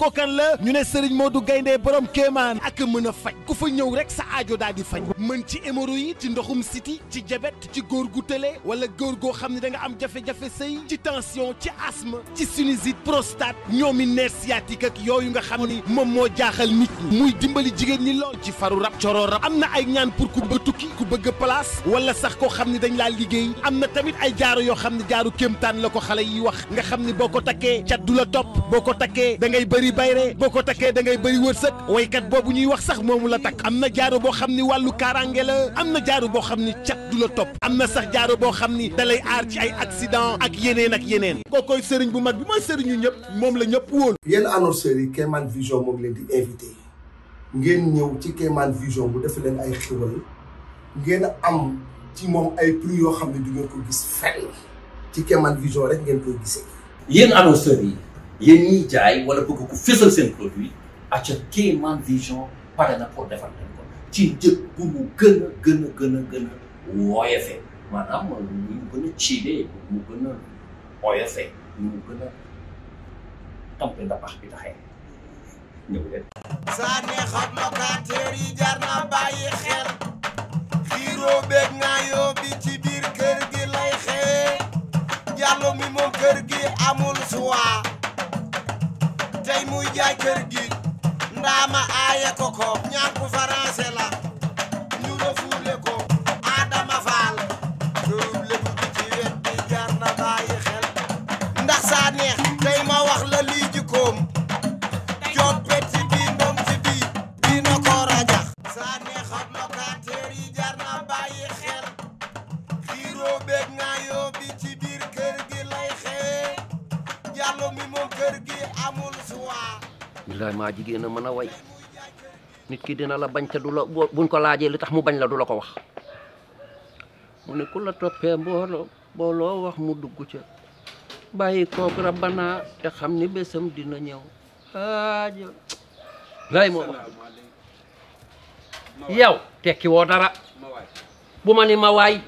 kookan la ñu ne moo du Gaynde borom kéemaan ak mën a faj ku fa ñëw rek sa aajo daal di faj mën ci hémorroïde ci ndoxum siti ci jabet ci góor gu tële wala góor goo xam ne da nga am jafe-jafe sëy ci tension ci asthme ci sinusite prostate ñoomi nerf sciatique ak yooyu nga xam ni moom moo jaaxal nit ñi muy dimbali jigéen ñi lool ci faru rab coro rab am na ay ñaan pour ku ba tukki ku bëgg place wala sax koo xam ne dañ laa liggéey am na tamit ay jaaro yoo xam ne jaaru kéemtaan la ko xale yi wax nga xam ne boo ko takkee cat du la topp bëri bayre boo ko takkee da ngay bëri wërsëg waykat boobu ñuy wax sax moomu la takk am na jaaro boo xam ni wàllu kaaraange la am na jaaro boo xam ni cat du la topp am na sax jaaro boo xam ni dalay aar ci ay accident ak yeneen ak yeneen kookoy sëriñ bu mag bi mooy sëriñu ñëpp moom la ñëpp wóolu yéen annonceurs yi Kémane Vision moom leen di invité ngeen ñëw ci Kémane Vision bu def leen ay xiwal ngeen am ci moom ay prix yoo xam ne du ngeen ko gis fenn ci Kémane Vision rek yéen annonceurs yi yéen ñiy jaay wala bëgg ko fésal seen produit acca Kéemaan Vision pare na pour defal leen ko ci njëg bu mu gën a gën a gën a gën a wooyofee maanaam mu gën a ciidee mu gën a wooyofee mu gën a tampe bi taxee ñëw leen saane xam locataire yi jar na bàyyi xel xiiroo beeg ngaayoo bi ci biir kër gi lay xee jàllo mi moom kër gi amul suwaa tey muy jaay kër gi ndaama aaye ko ko ñaan ku faransé la wallaay ma jigeena mana mën way nit ki dina la bañ ca dula buñ ko laaje li tax mu bañ la dula ko wax mu ne kula la mbolo bolo wax mu dugg ci bayyi ko rabbana te ya xamni besam dina ñew lay mo yow tekki wo dara bu ni ma way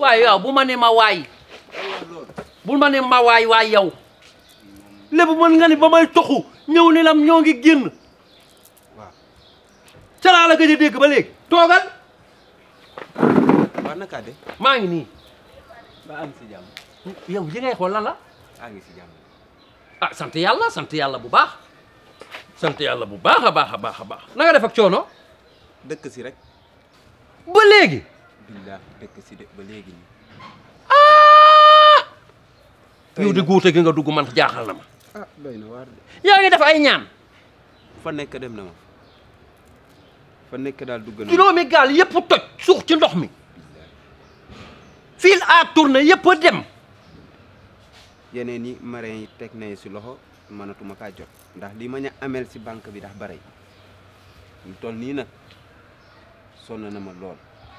way yow bu ni ma way bu ni ma way way yow lebu mën nga ni bamay toxu ñew ni lam ñoo genn wa waaw kebalik, tua la Mana kade? dégg ba lég togal ba naka dé ma ngi ni ba am si jamm yow li ngay xol lan la ngi si jamm ah sante yalla sante yalla bu baax sante yalla bu baax baax baax baax na nga def ak coono dekk si rek ba billah dekk si de ba ah! yow di guute gi nga dugg man jaaxal na ma ah doy na waar de. yaa ngi def ay ñaan. fa nekk dem na ma fa nekk daal dugg na. ya gaal yëpp toj suux ci ndox mi. fil à tourner yëpp dem. yeneen marin yi teg nañ loxo mënatuma kaa jot ndax li ma amel si bank bi ndax bare ñu toll nii nag sonn na ma lool.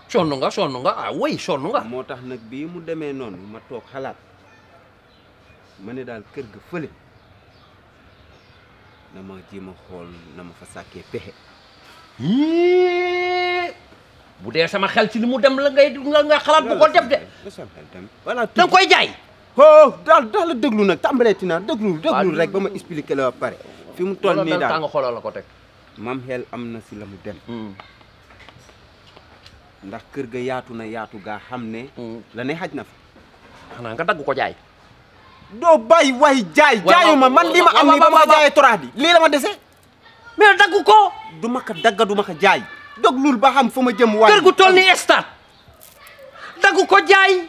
sonn nga sonn nga ah way sonn nga. moo tax nag mu demee noonu ma toog xalaat ma ne daal ga fële. na ma jéem a xool na ma fa sàkkee pexe bu dee sama xel ci li mu dem la ngay nga xalaat bu ko def de voilà da nga koy jaay oh daal daal la déglu nag tàmbaleeti naa déglu déglu rek ba ma expliqué la ba pare fi mu toll nii daal nga xoolal ko teg mam xel am na si la mu dem hmm. ndax kër ga yaatu na yaatu gaa xam ne hmm. la ne xaj na fa xanaa nga dagg ko jaay doo bàyyi waay jaay jaayuma man li ma am nii ba ma jaayee torax bi lii la ma dese mais dagg ko du ma ko dagga du ma jaay dog lul ba xam fa ma jëm waay kër gu toll ni stade dagg ko jaay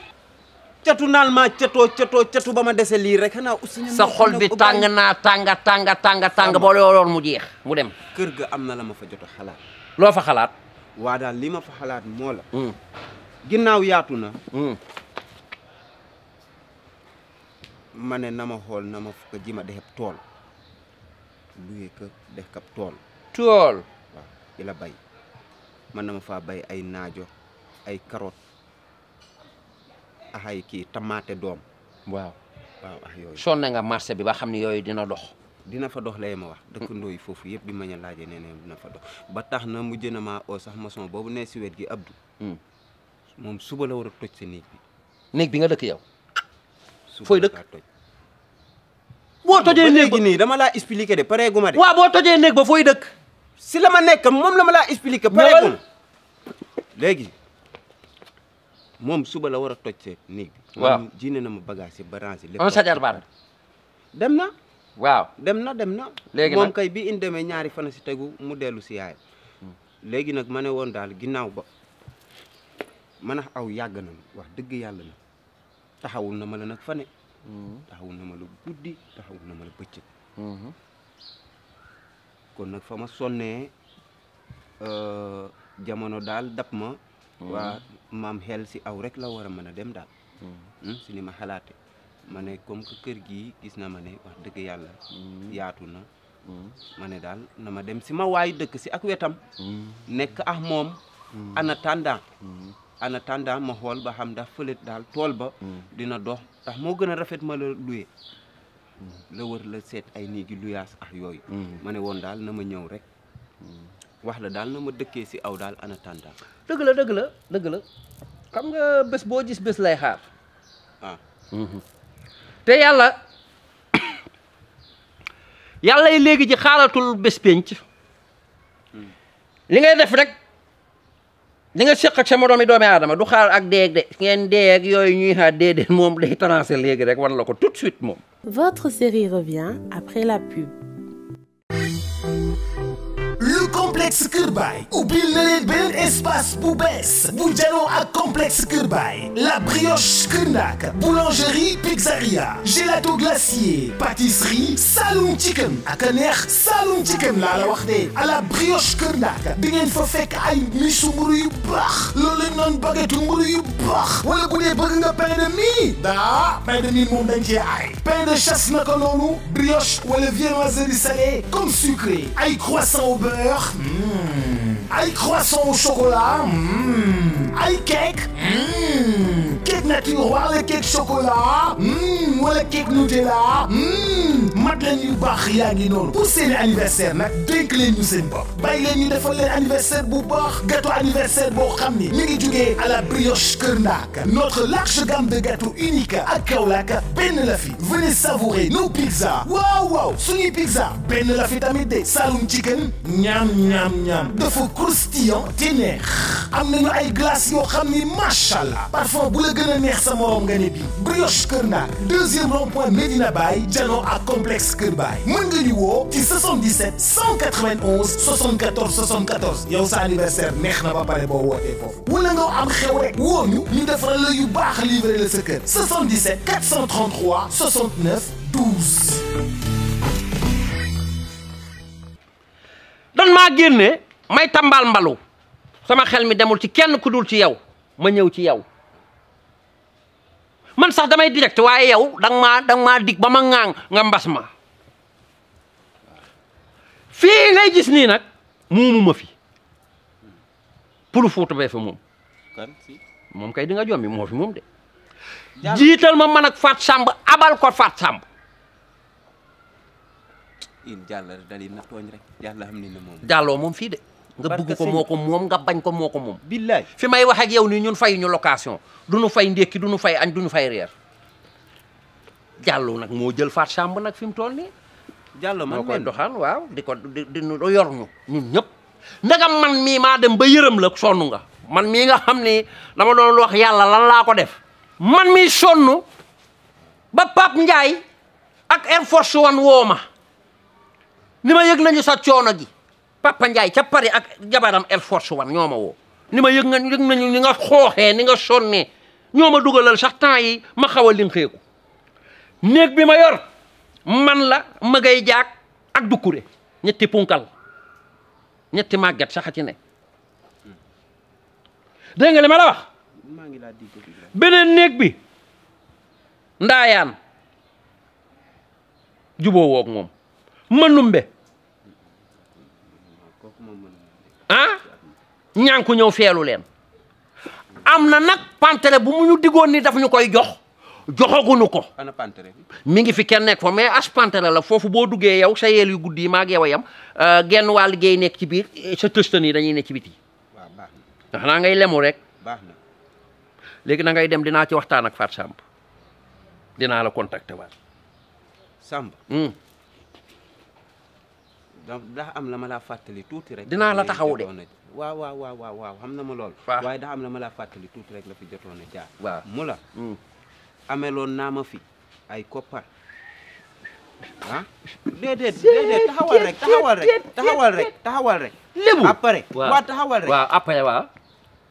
catu naal maa catoo catoo catu ba ma dese lii rek xanaa aussi sa xol bi tàng naa tàng tàng tàng tàng boo looloon mu jeex mu dem kër ga am na la ma fa jot a xalaat loo fa xalaat waa daal lii ma fa xalaat moo la hmm. ginnaaw yaatu na hmm. ma nama hol nama fuk djima def tol luyee ke def kap tol tol wa ila bay man nama ma bay ay najo, ay carotte ahay ki dom, wow, waaw waaw ah yooyu sonn nga marché bi ba xamni yoy dina dox dina fa dox lay ma wax dekk ndoy fofu yeb bi ma ñu nene dina fa dox ba tax na mujj na maa sax bobu ne si wet gi Abdou mom hmm. suba la wara toj sa bi bi nga dekk yow fooy dëkk boo tojee néeg ba nii dama laa expliqué de pareegu ma de waaw boo tojee néeg fooy dëkk si la ma nekk moom la ma laa expliqué pareegu léegi moom suba la war a toj see néeg bi na ma bagage yi ba rangé lépp on dem na waaw dem na dem na léegi moom kay bi in demee ñaari fana si tegu mu dellu si yaay léegi nag ma ne woon daal ginnaaw ba man aw yàgg na wax dëgg yàlla na taxawul na ma la nag fane mm-hmm. taxawul na ma la guddi taxawul na ma la bëccëg mm-hmm. kon nag fa ma sonnee euh, jamono daal dab ma mm-hmm. waa maam xel si aw rek la war a mën a dem daal hmm, si ni ma xalaate ma ne comme kër gi gis na ma ne wax dëgg yàlla yaatu na ma ne daal na ma dem si ma waay dëkk si ak wetam nekk ak moom ana tàndaan en attendant ma xool ba xam ndax fële daal tool ba hmm. dina dox ndax moo gën a rafet ma la luye hmm. la wër la seet ay néegi luyaas ak yooyu hmm. ma ne woon daal na ma ñëw rek wax la daal na ma dëkkee si aw daal en attendant dëgg la dëgg la dëgg la xam nga bés boo gis bés lay xaar ah. te yàlla yàlla yi léegi ji xaaratul bés penc li ngay def rek li nga séq ak sa mi doomi adama du xaar ak déeg de ngeen déeg yooyu ñuy xaar déedéet moom day tranché léegi rek wan la ko tout de suite moom. Votre série revient après la pub. Kër ou bien na leen beneen espace bu bees bu janoo ak complexe Kër la brioche Kër boulangerie pizzeria gelato glacier pâtisserie Saloum Chicken ak a salon Saloum Chicken laa la wax de à la brioche Kër Bien di ngeen fa fekk ay misu mburu yu baax loolu lañ baguette mburu yu baax wala bu dee bëgg nga pain de mie daa pain de mie moom dañ cee pain de chasse naka noonu brioche wala viennoiserie salée comme sucré ay croissant au beurre. Hmm. Aïe croissant au chocolat. Hmm. Aïe cake. Hmm nature wala cake chocolat mmm hum, wala cake Nutella mmm mat leen yu baax yaa ngi pour seen anniversaire nak denk leen ñu seen bopp bah, bàyyi leen ñu defal leen anniversaire bu baax gâteau anniversaire bo xamni ni ngi jugee à la brioche Kër notre large gamme de gâteau unique ak Kaolack Ben la fi venez savourer nos pizzas Wow wow, sunny pizza Ben la fi tamit de Saloum chicken ñam ñam ñam dafa croustillant te neex am nañu ay glace yo xamni machallah parfois bu la gën neex sa morom nga bi brioche Kër deuxième rond-point Medina bay janoo à complexe keur Baye mën nga ñu woo ci 77 191 74 74 yow sa anniversaire neex na ba pare boo wootee foofu wala nga am xew rek woo ñu ñu defaral la yu baax livré la sa kër 77 433 69 12. doon maa génne may tambal mbalu sama xel mi demul ci kenn ku dul ci yow ma ñëw ci yow. man sax damay direct waye yow dang ma dang ma dig ba ma ŋaang nga mbas ma fi. ngay gis ni nak muumu ma fi pour foot be fa si mom kay di nga jombi mo fi mom de jital ma man ak Fat Samb abal ko Fat Samb in jàll dalina toñ rek jàll xam ni mom moom mom fi de nga bëgg ko moko mom nga bañ ko moko mom billahi fi may wax ak yow ni ñun fay ñu location du ñu fay ndékki du ñu fay añ du ñu fay reer jallu nak mo jël fat chambre nak fim mu toll nii jàllo man moo doxal waaw di ko di ñu yor ñu ñun ñep naga man mi ma dem ba yërëm la sonu nga man mi nga xamni dama doon wax yalla lan la ko def man mi sonu ba pap Ndiaye ak Air Force One woma nima yegg nañu sa coono gi papa Ndiaye ca Paris ak jabaram el Force wan ñoma wo woo ni ma yëg nga yëg nañu ni nga xoxé ni nga sonné ñoma duggalal sax temps yi ma xawal lim linxeeku neeg bi ma yor man la ma gay jaak ak dukkure ñetti punkal ñetti magget sax ci ne de nga li ma la wax benen neeg bi jubo juboo woog moom mënumbe ah ñànku ñëw feelu leen am na nag pantere bu mu ñu diggoon ni daf ñu koy jox joxaguñu ko. ana pantere mi ngi fi kenn nekk mais as pantere la foofu boo duggee yow sa yeel yu gudd yi maa ngi yow a yem euh, genn wàll géey nekk ci biir eh, sa tëstan yi dañuy nekk ci biti. waaw na ndax naa ngay lemu rek. baax na léegi na dem dinaa ci waxtaan ak Fatou Samb dinaa la contacter waat. Samb. Hmm. donc ndax am la ma laa fàttali tuuti rek. dinaa la taxawu de waaw waaw waaw waaw xam na ma lool. waaye ndax am la ma laa fàttali tuuti rek la fi jotoon a jaar. waaw mu la. Mm. ameloon naa ma fi ay koppar. ah déedéet déedéet taxawal rek taxawal rek taxawal rek taxawal rek. taxawal rek waaw après waaw.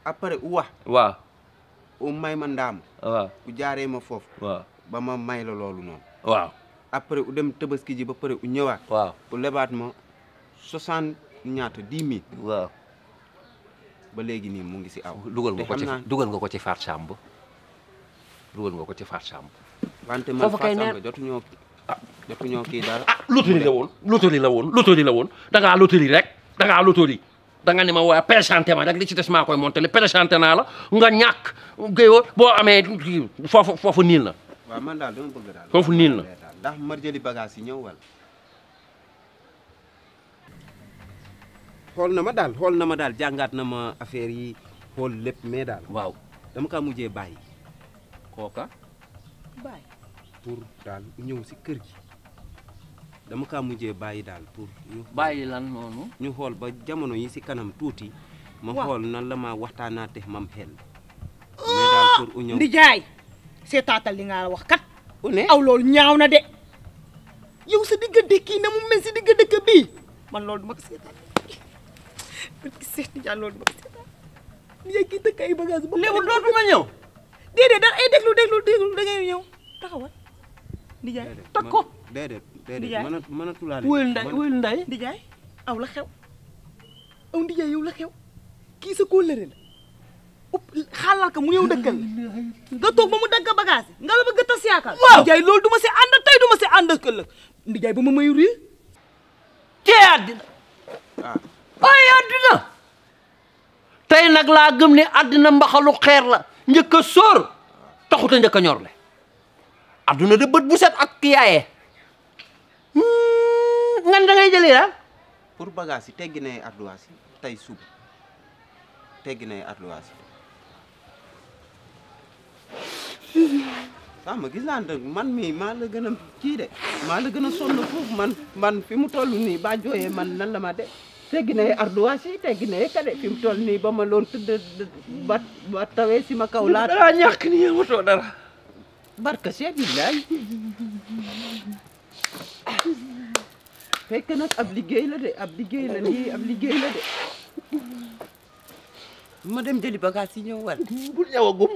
après uwa. waaw. u ma ndaam. ma foofu. ba ma may la loolu noonu. après ou dem tabaski ji ba pare ou ñëwaat. waaw u lebat ma 60 ñaata 10000 mille. waaw ba légui ni mu ngi ci aw. dugal nga ko ci dugal nga ko ci Fatou chambre dugal nga ko ci Fatou chambre wante man Fatou Samb jotuñoo jotuñoo kii dara. Ah, loterie la won loterie la won loterie la won da nga loterie rek da nga loterie. da nga ni ma waya présenté ma rek li ci dess ma koy monter le présenté na la nga ñak géyoo bo amé fofu fofu nil la wa man dal dama bëgg dal fofu nil la ndax ma jëli bagage yi ñëw wala. xool na ma daal xool na ma daal jàngaat na ma affaire yi xool lépp mais daal. waaw dama kaa mujjee bàyyi. kooka. bàyyi. pour daal ñëw si kër gi. dama kaa mujjee bàyyi daal pour. bàyyi lan moomu ñu xool ba jamono yi si kanam tuuti. ma xool nan la ma waxtaanaatee mam xel. Ah! pour u ñëw di jaay seetaatal li nga wax kat. aw loolu ñaaw na de yow sa diggante kii na mu mel si digg dëkk bii man loolu du ma ko seetaan barki Seex Tijaan loolu du ma ko seetaan yaa ngi dëkk ay bagage ba léegi dootu ma ñëw déedéet da ay eh, déglu déglu déglu da ngay ñëw taxawal ndijaay tag ko déedéet déedéet mën a mën a tulaale wóyul nday wóyul aw la xew aw ndijaay yow la xew kii sa kóllëre la xalal ko mu ñëw dëkkal nga toog ba mu dagg bagage nga la bëgg tas yaakaar waaw ndijaay loolu du ma si ànd tey du ma si ànd ak ëllëg ndijaay ba ma mayu rii cee àddina ah. ay àddina tey nag laa gëm ne àddina mbaxalu xeer la njëkk a sóor taxut a njëkk a ñor le àdduna de bët bu set ak kiyaaye hmm, ngan da ngay jëli daal pour bagage yi ya. teggi nay ardoise yi tey suba teggi nay ardoise yi ma gis naa man mii maa la gën a kii de maa la gën a sonn foofu man fi mu toll nii ba jooyee man nan la ma de teggi na ardoise yi teggi na kade fi mu toll nii ba ma loon tëdd ba tawee si ma kaw laa. dara ñàkk ni amatoo dara. barka Cheikh Bilaay fekk nag ab liggéey la de ab liggéey la lii de ma dem jëli bagage yi ñëw wal bul ñëwagum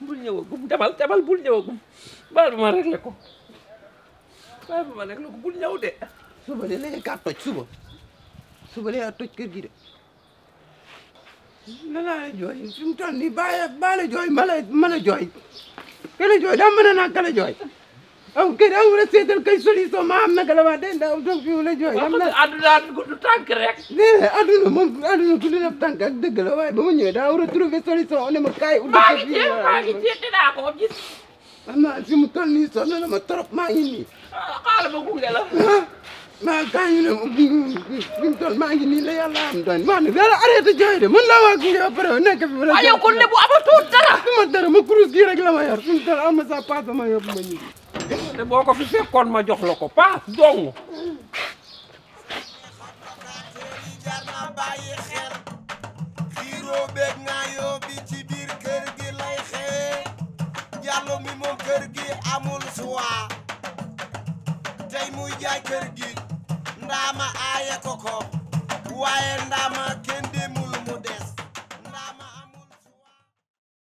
bul ñëwagum demal demal bul ñëwagum baal ma réglé ko baal ma réglé ko bul ñëw de. suba de léegi kaa toj suba suba léegi a toj kër gi de. danaa la jooy fi mu toll nii bàyyi bàyyi jooy ma la ma la jooy. ka jooy daa mën a naa ka la jooy. aw kër aw la seetal kay solution ma am naka la den daaw toog fii wala jooy. xam naa adduna gudd tànk rek. nee na adduna moom adduna gudd na tànk ak dëgg la waaye ba mu ñëwee daaw retrouver solution ne ma kaay. ut dëkk fii wala maa ngi jéem ah, maa si mu toll nii sonn na ma trop maa ngi nii. Ah, xaaral ma gunge la. Ah, maa kaay ñu ne fi mu maa ngi nii la yàlla am de mën naa waa gunge ba pare nekk ne bu amatul dara. su ma dara ma kurus gi rek ma yor fi mu toll am na sa paas ma yóbbu ma te boo ko fi fekkoon ma jox la ko paas dong jaay kër gi ndaama aaye ko ko waaye ndaama kenn demul